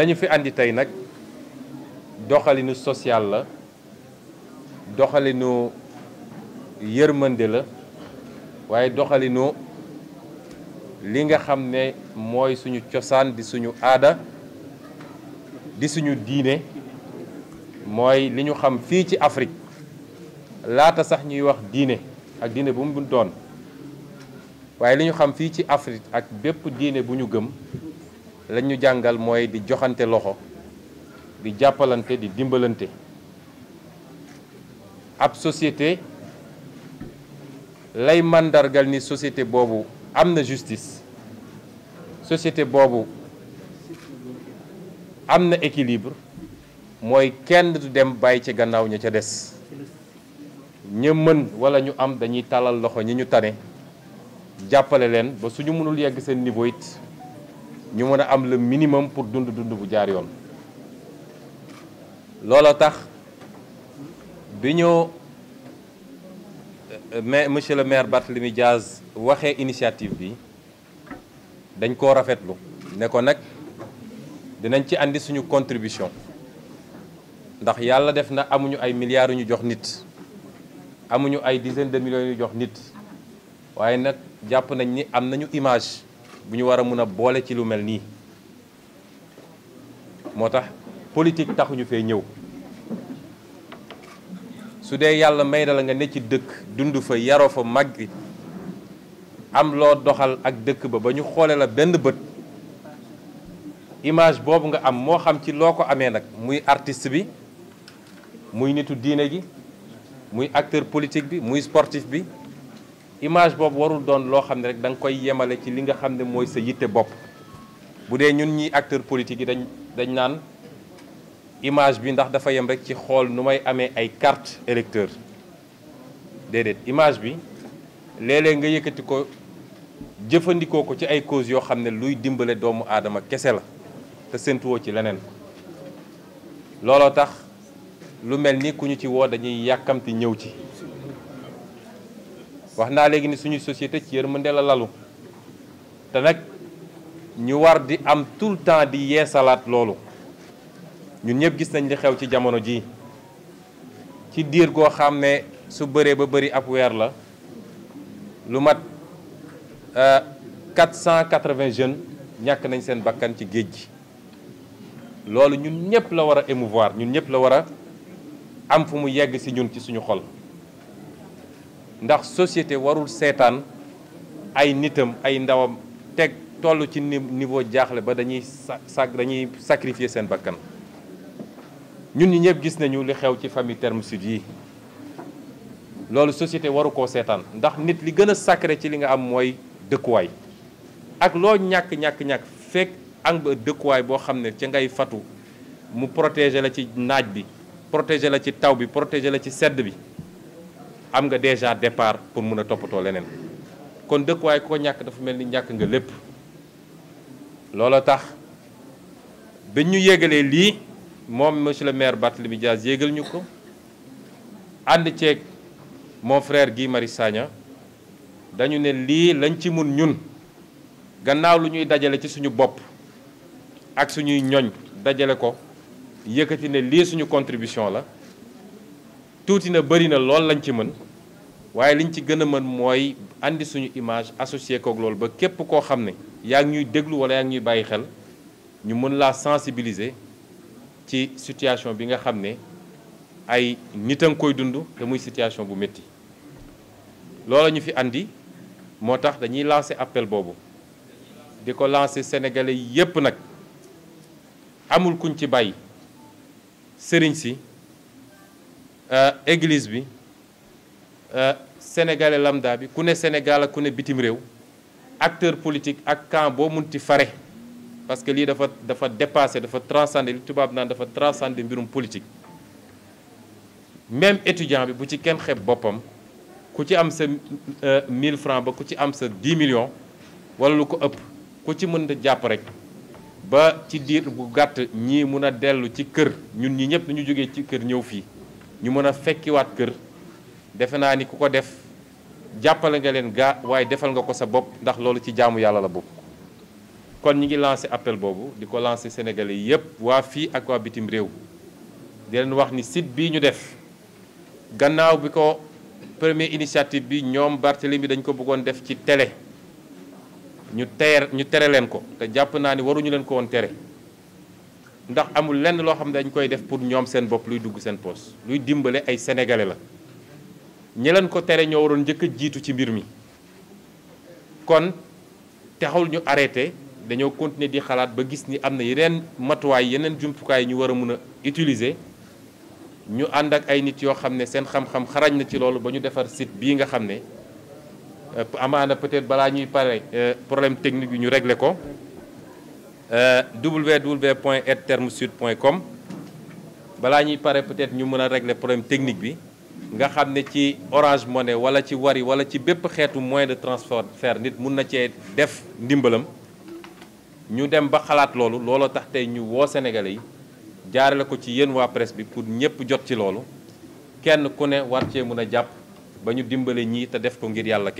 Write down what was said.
lañu fi andi tey nag doxalinu social la doxalinu yërmande la waaye doxalinu li nga xam ne mooy suñu cosaan di suñu aada di suñu diine mooy li ñu xam fii ci Afrique laata sax ñuy wax diine ak diine bu mu doon waaye li xam fii ci Afrique ak diine bu ñu gëm lañ ñu jàngal mooy di joxante loxo di jàppalante di dimbalante ab société lay màndargal ni société boobu am na justice société boobu am na équilibre mooy kenn du dem bàyyi ci gannaaw ña ca des ña mën wala ñu am dañuy talal loxo ñi ñu tane jàppale leen ba suñu mënul yegg seen niveau it ñu mën a am le minimum pour dund dund bu jaar yoon looloo tax bi ñu euh, mais monsieur le maire Barthélémy Diaz waxee initiative bi dañ koo rafetlu ne ko nag dinañ ci indi suñu contribution ndax yàlla def na amuñu ay milliards yu ñu jox nit amuñu ay dizaines de millions yu ñu jox nit waaye nag jàpp nañ ni am nañu image bu ñu war a mun a boole ci lu mel nii moo tax politique taxuñu fee ñëw su dee yàlla may na la nga ne ci dëkk dund fa yaroo fa gi am loo doxal ak dëkk ba ba ñu xoole la benn bët image boobu nga am moo xam ci loo ko amee nag muy artiste bi muy nitu diine gi muy acteur politique bi muy sportif bi image boobu warul doon loo xam ne rek danga koy yemale ci li nga xam ne mooy sa yitte bopp bu dee ñun ñi acteurs politiques yi dañ dañ naan image bi ndax dafa yem rek ci xool nu may amee ay carte électeur déedéet image bi léeg nga yëkkati ko jëfandikoo ko ci ay cause yoo xam ne luy dimbale doomu aadama kese la te séntuwoo ci leneen looloo tax lu mel ni ku ñu ci woo dañuy yàkkamti ñëw ci wax naa léegi ni suñu société ci yërmande la lalu te nag ñu war di am tout le temps di yeesalaat loolu ñun ñëpp gis nañ li xew ci jamono ji ci diir goo xam ne su bëree ba bëri ab weer la lu mat 480 euh, jeunes ñàkk nañ seen bakkan ci géej gi loolu ñun ñëpp la war émouvoir ñun la am fu mu yegg si ñun ci suñu xol ndax société warul seetaan ay nitam ay ndawam teg toll ci niveau jaaxle ba dañuy sac dañuy sacrifier seen bakkan ñun ñi ñëpp gis nañu li xew ci famille Termes yi loolu société waru koo seetaan ndax nit li gën a sacré ci li nga am mooy dëkkuwaay ak loo ñàkk ñàkk ñàkk fekk am dëkkuwaay boo xam ne ci ngay fatu mu protéger la ci naaj bi protéger la ci taw bi protéger la ci sedd bi am nga déjà départ pour mun a toppatoo leneen kon dëkkuwaay ko ñàkk dafa mel ni ñàkk nga lépp loola tax ba ñu yégalee lii moom monsieur le maire Barthélémy Dias yégal ñu ko ànd ceeg mon frère Guy Marius Sagna dañu ne lii lañ ci mun ñun gannaaw lu ñuy dajale ci suñu bopp ak suñuy ñoñ dajale ko yëkkati ne lii suñu contribution la Tout na bëri na lol lañ ci mën waye liñ ci gëna mën moy andi suñu image associé kook loolu ba képp ko xamné ne yaa ñuy déglu wala yaa ñuy bàyyi xel ñu mën la sensibiliser ci situation bi nga xamné ay nitang a koy dund te muy situation bu metti loola ñu fi andi motax dañuy lancer appel bobu diko lancer sénégalais yépp nak amul kuñ ci bàyyi sëriñ si euh, église bi euh, sénégalais lambda bi ku Sénégal ak ku bitim rew acteur politique ak camp boo munti faré parce que li dafa dafa dépasser, dafa transcender li tubaab naan dafa transcender mbirum politique même étudiant bi bu ci kenn xeeb bopam ku ci am sa 1000 euh, francs ba ku ci am sa 10 millions wala lu ko ëpp ku ci mën japp rek ba ci diir bu gatt ñi mëna a ci kër ñun ñi ñëpp ñu joggé ci kër ñëw fi ñu mën a fekkiwaat kër ni ku def jàppale nga ga, gaa waaye defal nga ko sa bopp ndax loolu ci jaamu yàlla la bopp kon ñi ngi lancé appel bobu, di ko lancé sénégalais yépp waa fii ak waa bitim réew di leen wax ni site bi ñu def gannaaw bi ko première initiative bi nyom Barthélemy dañ ko bëggoon def ci télé ñu teer ñu tere leen ko te jàpp ni waruñu leen ko woon ndax amul lenn loo xam ne dañ koy def pour ñoom seen bopp luy dugg seen poos luy dimbale ay sénégalais la ñi ko tere ñoo waroon njëkk jiitu ci mbir mi kon taxul ñu arrêté dañoo continuer di xalaat ba gis ni am na yeneen matuwaay yeneen jumtukaay ñu war a mun a utiliser ñu ànd ak ay nit yoo xam ne seen xam-xam xarañ na ci loolu ba ñu defar site bii nga xam ne euh, amaana peut-être balaa ñuy pare euh, problème technique yi ñu régler ko Euh, www.edtermesud.com Voilà, il pare peut-être ñu nous régler problème technique bi nga xamné ci Orange Money wala ci Wari wala ci bép moyen de transfert nit na def ndimbalam ñu dem ba xalat lolu lolu tax ñu Sénégalais yi jaarale ko ci avons wa presse bi pour ñëpp jot ci kenn ku ne war Nous mëna japp ba te def ko ngir